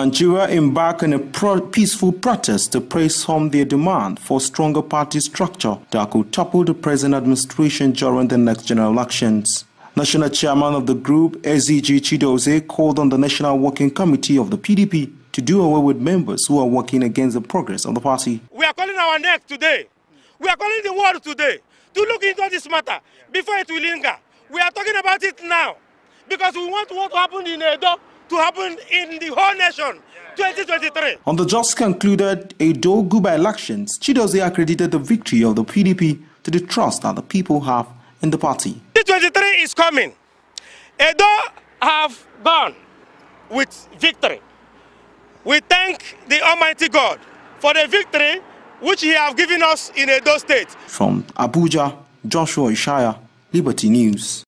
Nigeria embarked on a pro peaceful protest to press home their demand for stronger party structure that could topple the present administration during the next general elections. National chairman of the group, SEG Chidoze, called on the National Working Committee of the PDP to do away with members who are working against the progress of the party. We are calling our neck today. We are calling the world today to look into this matter before it will linger. We are talking about it now because we want what happened in Edo to happen in the whole nation. 2023. On the just concluded Edoguba elections, Chidozie accredited the victory of the PDP to the trust that the people have in the party. 2023 is coming. Edo have gone with victory. We thank the Almighty God for the victory which he have given us in Edo State. From Abuja, Joshua Ishaya, Liberty News.